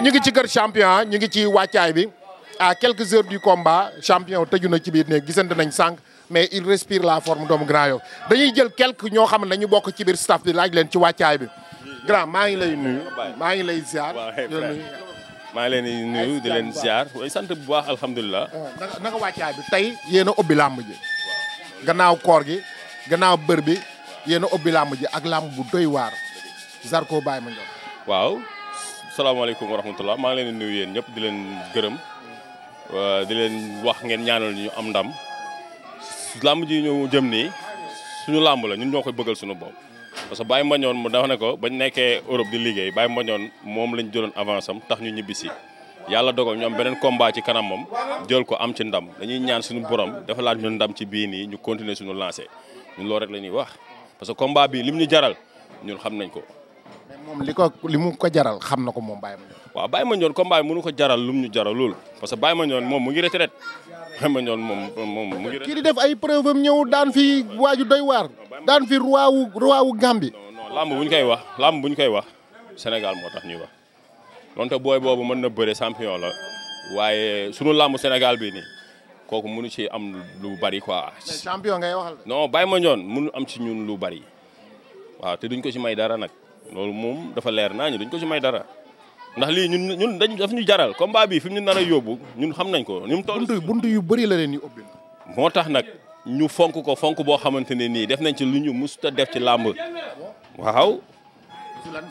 ngi ngi ci kër champion ñu ngi ci wàccaay bi a quelques heures du combat champion tëju na ci biir ne gisante nañ sànq mais il respire la forme doomu grand yow dañuy jël quelques ñoo xam ne dañu bokk ci biir staff bi laaj leen ci wàccaay bi grand maa ngi lay nuyu maa ngi lay ziar maa ngi leen di di leen ziar sant bu baax alhamdulilah euh, naka wàccaay bi tey yéen a ubbi làmb ji gannaaw koor gi gannaaw bër bi yéen a ubbi làmb ji ak làmb bu doy waar Zarko bàyyi ma ñoom salaamaaleykum wa rahmatulah maa ngi leen di nuyu yéen ñëpp di leen gërëm di leen wax ngeen ñaanal ñu am ndam làmb ji ñu jëm nii suñu làmb la ñun ñoo ko bëggal suñu bopp. parce que Baye Mbañoon mu dafa ne ko bañ nekkee Europe di liggéey Baye Mbañoon moom lañ jëloon avance am tax ñu ñibbisi yàlla dogal ñoom am beneen combat ci kanam moom jël ko am ci ndam dañuy ñaan suñu borom dafa laaj ñu ndam ci bii nii ñu continuer suñu lancé ñun loolu rek la ñuy wax parce que combat bi lim ñu jaral ñun xam nañ ko. moom li ko li mu ko jaral xam na ko moom baay Mandione. waaw Baye Mandione combat bi mënu ko jaral lum ñu jaralul parce que Baye Mandione moom mu ngi retraite Baye Mandione moom moom mu ngi. kii di def ay preuve am ñëw daan fi waaju doy waar daan fi roi wu roi wu Gambie. non làmb bu ñu koy wax làmb bu koy wax Sénégal moo tax ñuy wax donte booy boobu mën na bëre champion la waaye sunu làmb Sénégal bii nii. kooku mënu ci am lu bari quoi. champion ngay waxal. non Baye Mandione mënu am ci ñun lu bari waaw te duñ ko ci may dara nag loolu moom dafa leer naa ñu dañ ko ci may dara ndax lii ñun ñun dañ daf ñu jaral combat bi fi mu ñu nar a yóbbu ñun xam nañ ko. ni mu toll bunt yu bëri la leen ñu ubbi. moo tax nag ñu fonk ko fonk boo xamante ne nii def nañ ci lu ñu mosut a def ci làmb waaw.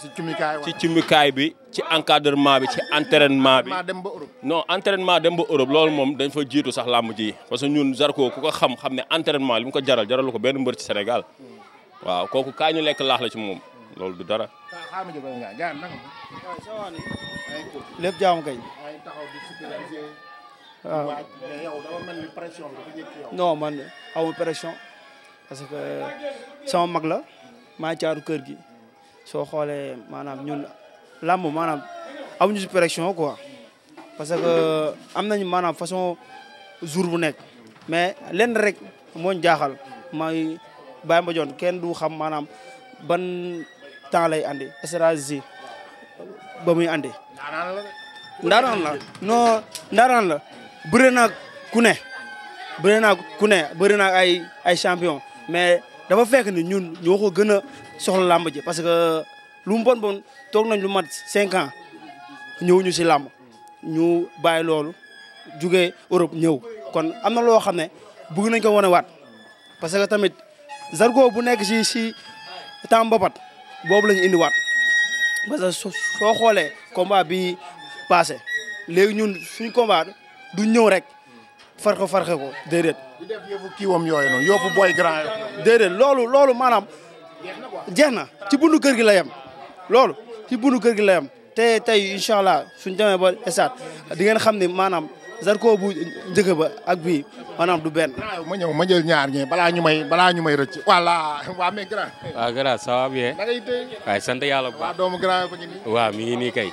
ci cumikaay ci cumikaay bi ci encadrement bi ci entraînement bi. dem ba Europe. non entraînement dem ba Europe loolu moom dañ fa jiitu sax làmb ji parce que ñun Zarko ku ko xam xam ne entraînement li mu ko jaral jaralu ko benn mbër ci Sénégal hmm. waaw kooku kaay ñu lekk laax la ci moom. loolu du dara. lépp jaamu kay. waaw non man amu pression parce que sama mag la maa caaru kër gi soo xoolee maanaam ñun làmb maanaam amuñu si pression quoi parce que am nañu maanaam façon jour bu nekk mais lenn rek mooñ jaaxal mooy bàyyi ma joon kenn du xam maanaam ban. temps lay andi stratégie ba muy andi. ndaanaan la non ndaanaan la bëri naa ku ne bëri naa ay ay champion mais dafa fekk ni ñun ñoo ko gën a soxla làmb ji parce que lu mbon bon toog nañ lu mat cinq ans ñëw ñu si làmb ñu bàyyi loolu jugee Europe ñëw kon am na loo xam ne bëgg nañ ko wane parce que tamit Zarko bu nekk si si boobu lañu ñu indiwaat parce que soo xoolee combat bi passé léegi ñun suñu combat du ñëw rek farxe farxe ko déedéet. du def yëfu kii wam yooyu noonu yëfu booy grand yooyu. déedéet loolu loolu maanaam. jeex na ci bundu kër gi la yem. loolu ci bundu kër gi la te tey incha allah suñ demee ba esaat di ngeen xam ne maanaam. Zarko bu njëkk ba ak bii maanaam du benn. ma ñëw ma jël ñaar ñee balaa ñu may balaa ñu may rëcc. voilà waa mais grand. waaw grand bien. waaye sant yàlla bu baax. waa doomu grand fa mi ngi nii kay.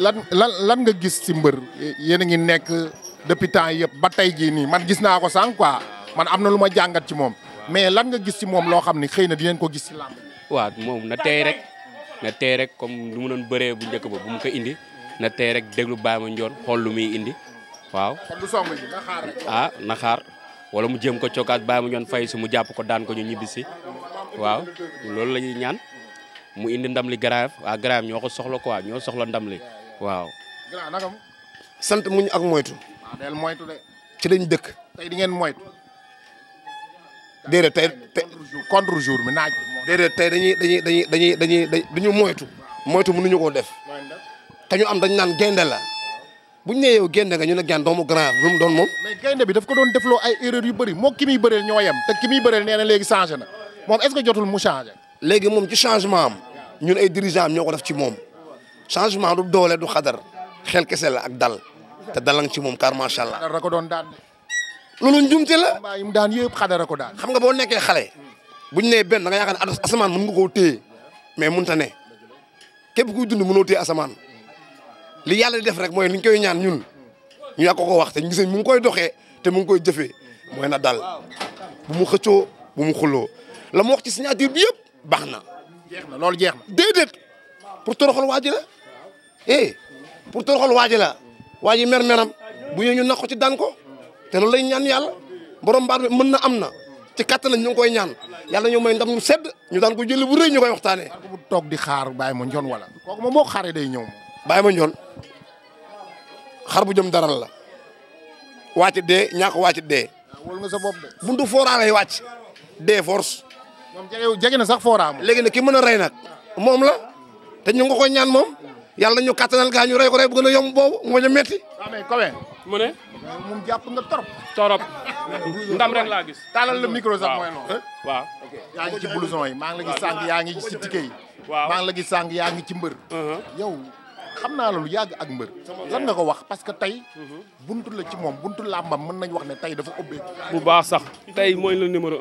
lan lan lan nga gis ci mbër. yéen a ngi nekk depuis temps yëpp ba tey jii nii man gis naa ko sànq quoi man am na lu ma jàngat ci moom. mais lan nga gis si moom loo xam ne xëy na dinañ ko gis ci làmb. waaw moom na tey rek na tey rek comme lu mu doon bëree bu njëkk ba bu mu ko indi na tey rek déglu Baye Mandione xool lu muy indi waaw kon du song ji na xaar rek ah, wala mu jéem ko cokkaas bàyyi mu ñoon fay si mu jàpp ko daan ko ñu ñibbisi waaw loolu la ñaan mu indi ndam li garaaf waa ah, garaaf ñoo ko soxla quoi ñoo soxla ndam li waaw. sant muñ ak moytu. Ah, moytu de. ci lañ dëkk. tey di ngeen moytu. déedéet tey tey contre jour mi naaj. déedéet tey dañuy dañuy dañuy dañuy dañuy moytu. moytu mënuñu koo def. te ñu am dañ naan gaynde la. bu ñu nee yow génn nga ñu ne gaan doomu grand lu mu doon moom. mais gaynde bi daf ko doon defloo ay erreur yu bëri moo ki muy bëreel ñoo yem te ki muy bëreel nee na léegi changé na moom est ce que jotul mu changé. léegi moom ci changement am ñun ay dirigeant am ñoo ko def ci moom changement du doole du xadar xel kese la ak dal te dalang ci moom car macha allah. xadar ko doon daan loolu njumte la. mbaa yi mu daan yëpp xadar ko daan. xam nga boo nekkee xale bu ñu nee benn da nga yaakaar ne asamaan mën nga koo téye mais mënut a ne képp kuy dund mënoo téye li yàlla def rek mooy ni koy ñaan ñun ñu yàgg ko ko wax te gis mu ngi koy doxee te mu ngi koy jëfee mooy na dal bu mu xëccoo bu mu xuloo la mu wax ci signature bi yëpp baax na. jeex na loolu jeex na. déedéet pour toroxal la eh pour toroxal waa ji la waa ji mer-meram bu ñëwee ñu nax ko ci daan ko te loolu lay ñaan yàlla borom mbaar bi mën na am na ci kattanam ñu koy ñaan yàlla ñoo mooy ndam mu sedd ñu daan ko jëlee bu rëy ñu koy waxtaanee. bu toog di xaar bàyyi ma njoon wala. kooku moom boo xaaree day ñëw. bàyyi ma njoon. xar bu jëm daral la wàcc de ñàkk wàcc dee. Ah, wóolu nga sa bopp de. buntu fooraa lay wàcc. dee force. moom jege jege na sax fooraam moom. léegi nag ki mën a rey nag moom la te ñu nga koy ñaan moom yàlla ñu kattanal gaa ñu rey ko rey bu gën a yomb boobu moo ñu metti. Ah, moom jàpp nga torop. torop ndam rek laa gis. taalal la micro sax mooy noonu. waaw yaa ngi ci blouson yi maa ngi la gis sànq yaa ngi ci tike yi. waaw yaa ngi ci mbër. Uh-huh. yow. xam naa la lu yàgg ak mbër lan nga ko wax parce que tey buntu la ci moom buntu làmbam mën nañ wax ne tey dafa ubbee bu baax sax tey mooy la numéro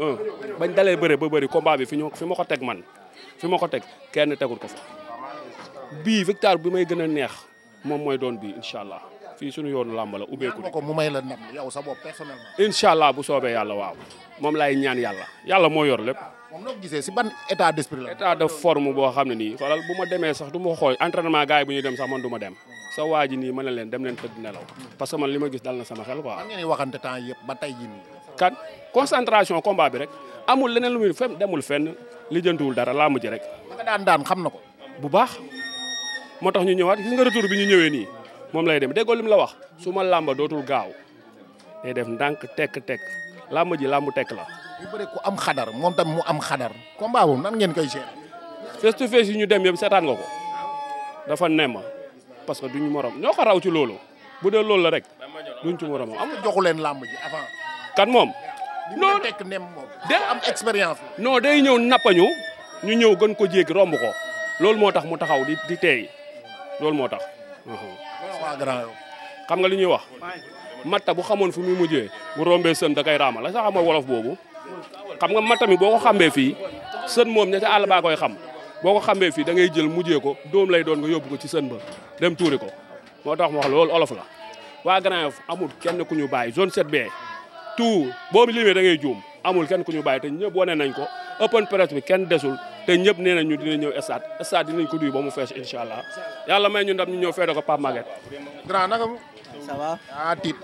bañ dalee bëre ba bëri combat bi fi ñu fi ma ko teg man fi ma ko teg kenn tegul ko fa bii victoire bi may gën a neex moom mooy doon bii incha allah fii suñu yoonu làmb la ubbeeku ko mu may la ndam yow sa bopp personnellement incha allah bu soobee yàlla waaw moom lay ñaan yàlla yàlla moo yor lépp moom noo gisee si ban état d'esprit la. état de forme boo xam ne nii xoolal bu ma demee sax du ma xooj entraînement gars yi bu ñuy dem sax man du ma dem. sa waa ji nii ma ne leen dem leen tëdd nelaw. parce que man li ma gis dal na sama xel quoi. man ngeen waxante temps yëpp ba concentration combat bi rek amul leneen lu muy fem demul fenn lijjantiwul dara laa mujj rek. nga daan xam na ko. bu baax moo tax ñu ñëwaat gis nga retour bi ñu ñëwee nii moom lay dem déggoo lim la wax su ma làmba dootul gaaw day def ndànk tekk tekk làmb ji làmb tekk la. bu bëri moom tam mu am xadar combat boobu ngeen koy gérer. face yi ñu dem yëpp seetaan nga ko dafa nem parce que duñu morom ñoo ko raw ci loolu bu dee loolu la rek duñ ci morom am joxu leen làmb ji avant. kan moom. non tekk nem moom am expérience non day ñëw nappañu ñu ñëw gën ko jéggi romb ko loolu moo tax mu taxaw di di teey loolu moo tax. xam nga li ñuy wax matta bu xamoon fu muy mu jee bu rombee sën da koy raama la sax xam nga wolof boobu. xam nga ma tamit boo ko xambee fii sën moom ña ca àll baa koy xam boo ko xambee fii da ngay jël mujjee ko doom lay doon nga yóbbu ko ci sën ba dem tuuri moo tax ma wax loolu olof la waa Grand Yoff amul kenn ku ñu bàyyi zone 7B tout boo limee da ngay juum amul kenn ku ñu bàyyi te ñëpp wane nañ ko open press bi kenn desul te ñëpp nee nañ ñu dina ñëw stade stade dinañ ko duy ba mu fees incha allah yàlla may ñu ndam ñu ñëw feete ko Pape Maguette. ça va. ah tiit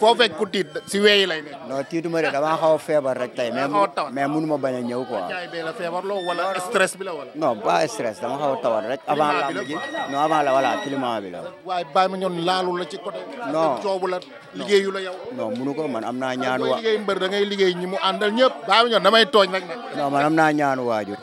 foo fekk ku tiit si weeyi lay nekk. non tiituma de damaa xaw a feebar rek tey. mais ah, mais mënu ma a ñëw quoi. jaay bee la feebar loo wala stress bi la wala. non pas stress dama xaw a tawat rek. avant lamb ji non avant la voilà climat bi la. ñoon laalu la ci côté. non coobu la liggéeyu la yow. non munu ko man am naa ñaanu. waa liggéey mbër da ñi mu àndal ñëpp. bàyyi ma ñoon damay tooñ rek. non man am naa ñaanu waajur.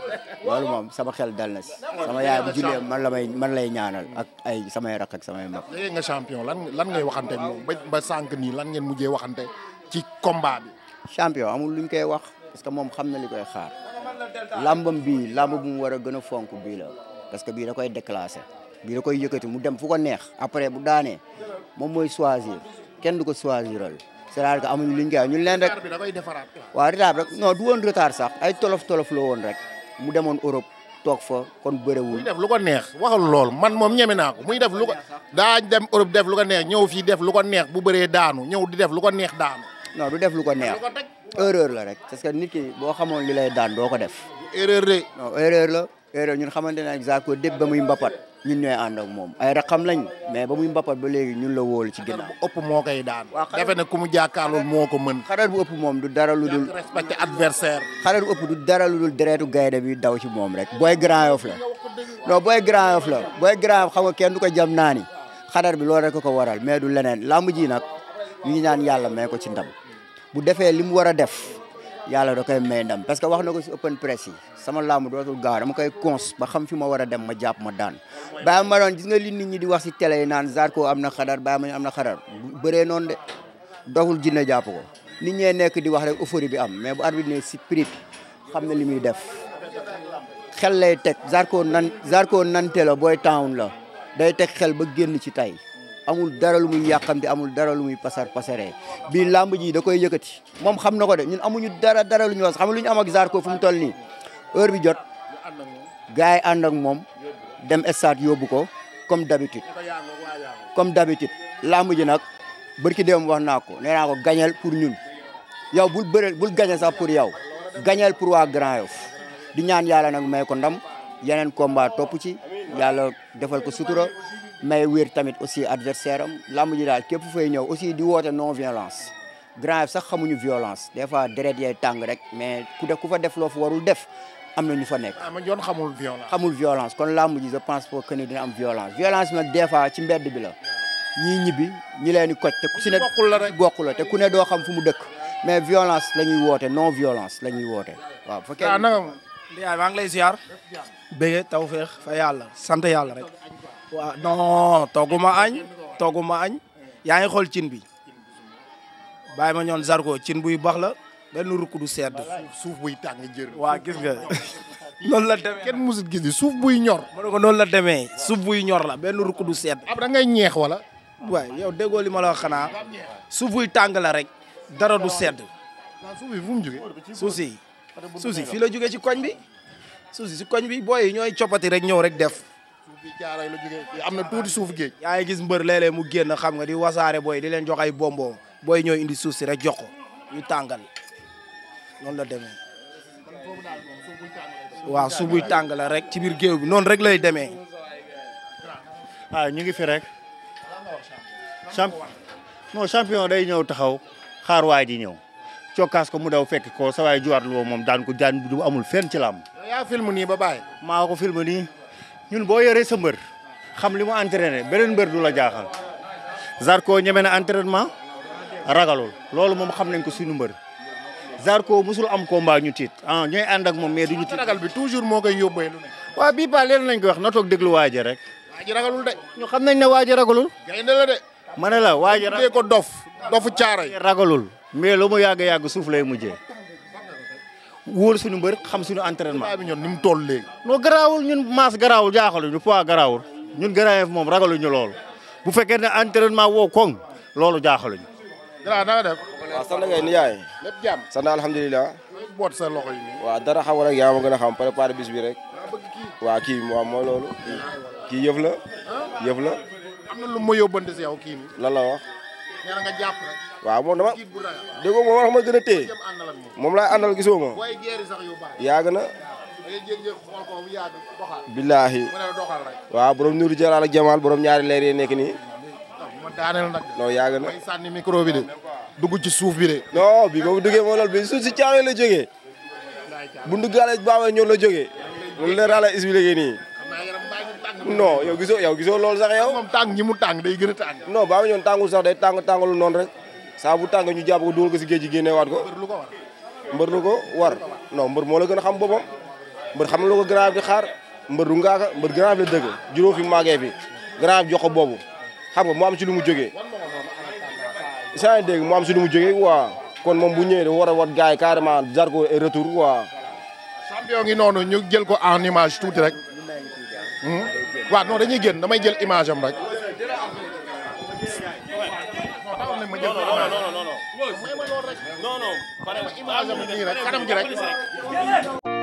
loolu moom sama xel dal na si sama yaay bu jullee man la may man lay ñaanal ak ay samay rak ak samay mag. léegi nga champion lan lan ngay waxante moom ba ba sànq nii lan ngeen mujjee waxante ci combat bi. champion amul luñ koy wax parce que moom xam na li koy xaar lambam bii lamb bu mu war a gën a fonk bii la parce que bii da koy déclassé bii da koy yëkkati mu dem fu ko neex après bu daanee moom mooy choisir kenn du ko choisiral c'est-à-dire que amuñu luñ koy wax ñun leen rek. retard bi da koy defaraat. waaw rek non du woon retard sax ay tolof tolof la woon rek. mu demoon Europe toog fo kon bëriwul. muy def lu ko neex waxal lool man moom ñeme naa ko muy def lu ko daa dem Europe def lu ko neex ñëw fii def lu ko neex bu bëree daanu ñëw di def lu ko neex daanu. no du def lu ko neex erreur la rek parce nit ki boo xamoon li lay daan doo ko def. erreur de. non erreur la ñun xamante ne exact ko ba muy mbapat. ñun ñooy ànd ak moom ay raqam lañ mais ba muy ba léegi ñun la wóolu ci ginnaaw ëpp moo koy daan defe na ku mu jàkkaarlool moo ko mën xaral bu ëpp moom du dara lu dul respecté adversaire xaral ëpp lu dul dereetu gaynde bi daw ci moom rek booy Grand Yoff la non booy Grand Yoff la booy Grand Yoff xam nga kenn du ko jam naa ni xadar bi loolu rek ko waral mais du leneen làmb ji nag ñu ngi ñaan yàlla may ko ci ndam bu defee li mu war a def yàlla da koy may ndam parce que wax na ko si open press yi sama làmb dootul gaar dama koy cons ba xam fi ma war a dem ma jàpp ma daan bàyyi ma doon gis nga li nit ñi di wax si télé yi naan Zarko am na xadar bàyyi ma am na xadar bëree noonu de doxul jinne jàpp ko nit ñee nekk di wax rek euphorie bi am mais bu arbitre ne si prix xam na li muy def xel lay teg Zarko nan Zarko nante la booy town la day teg xel ba génn ci tey amul dara lu muy yàqamti amul dara lu muy pasar pasaree bii làmb ji da koy yëkkati moom xam na ko de ñun amuñu dara dara lu ñu wax xam lu ñu am ak ko fu mu toll nii heure bi jot gars yi ànd ak moom dem stade yóbbu ko comme d'habitude comme d'habitude làmb ji nag bërki dem wax naa ko nee naa ko gañel pour ñun yow bul bëreel bul gañe sax pour yow gañel pour waa Grand Yoff di ñaan yàlla nag may ko ndam yeneen combat topp ci yàlla defal ko sutura mais wér tamit aussi adversaire am làmb ji daal képp fay ñëw aussi di woote non violence grand sax xamuñu violence des fois deret yee tàng rek mais ku def ku fa def loo fa warul def am na ñu fa nekk. Ah, ma yoon xamul violence. xamul violence kon làmb ji je pense que ni dina am violence violence nag des fois ci mbedd bi la ñii ñibbi ñi leen di te ku si ne bokkul la rek bokkul la te ku ne doo xam fu mu dëkk mais violence la ñuy woote non violence la ñuy woote waaw. bu fekkee ah, maa ngi lay ziar. bëgg fa yàlla sant yàlla rek. waaw non togguma añ togguma añ yaa ngi xool cin bi bàyyi ma ñoon Zarko cin buy baax la benn rukk du sedd suuf buy tàng jër waaw gis nga noonu la demee kenn musul gis ni suuf buy ñor ma ne ko noonu la demee suuf buy ñor la benn rukk du sedd ab da ngay ñeex wala waay yow déggoo li ma la wax xanaa suuf buy tàng rek dara du sedd suuf bi fu mu jógee suuf si suuf si fii la jógee ci koñ bi suuf si si koñ bi booy ñooy coppati rek ñëw rek def suuf bi jaaray la jógee am na tuuti suuf géej yaa ngi gis mbër léeg-léeg mu génn xam nga di wasaare booy di leen jox ay bomboo booy ñooy indi suuf si rek jox ko ñu tàngal noonu la demee waaw suuf buy tàng la rek ci biir géew bi noonu rek lay demee waaw ah, ñu ngi fi rek champ non day ñëw taxaw xaar waay ji ñëw cokkaas ko mu daw fekk ko sa waay lu moom daan ko daan du amul fenn ci làmb yaa film nii ba maa ko film nii ñun boo yoree sa mbër xam li mu entraîné beneen mbër du la jaaxal Zarko ñeme na entraînement ragalul loolu moom xam nañ ko suñu mbër Zarko musul am combat ñu tiit ah ñooy ànd ak moom mais duñu tiit ragal bi toujours moo koy yóbbee lu ne paa leen nañ ko wax na toog déglu waaje rek waaji ragalul ñu xam nañ ne waaji ragalul gaynde la ma ne la waaji ko dof dofu caaray ragalul mais loo mu yàgg-yàgg suuf lay mujjee wóor suñu mbër xam suñu entraînement. bi ñoom ni mu toll léegi. non garaawul ñun masse garaawul jaaxaluñu poids garaawul ñun garaawul moom ragaluñu lool bu fekkee ne entraînement woo koŋ loolu jaaxaluñu. jërëjëf na nga def. waaw sant ngay nijaay. lépp jàmm sant alhamdulilah. boot sa loxo yi. waaw dara xamul rek yaa ma gën a xam préparé bis bi rek. waaw kii waaw moo loolu. kii yëf la. Ah. yëf la. am na lu ma yóbbante si yow kii. lan la wax. nee na jàpp waaw moom dama déggoo moom wax ma gën a téye moom laay àndal gisoo ma yàgg na billaahi waaw borom nuuru jalaal ak jamaal borom ñaari leer yi nekk nii daaneel nag yàgg na sànni micro bi ci suuf bi de non bi boobu duggee moo lool bi suuf la jógee bu nduggaale baawee ñor la jógee mu leeraala expliqué nii non yow gisoo yow gisoo loolu sax yow moom tàng mu tàng day gën a tàng non ñoon tàngul sax day tàng tàngalu noon rek saa bu ñu jàpp ko dugal ko si géej gi génneewaat ko. mbër lu ko war mbër ko war mbër moo la gën a xam boppam. mbër xam na lu ko Grand xaar mbër du mbër Grand Yoff la dëgg juróom fi màggee fi Grand Yoff jox boobu xam nga mu am ci lu mu jógee. saa dégg mu am si lu mu jógee waa kon moom bu ñëwee da war a wat gars yi carrément Zarko et retour waa. champion ngi noonu ñu jël ko en image tuuti rek. Hmm? waaw non dañuy génn damay jël image am rek. non non non non non non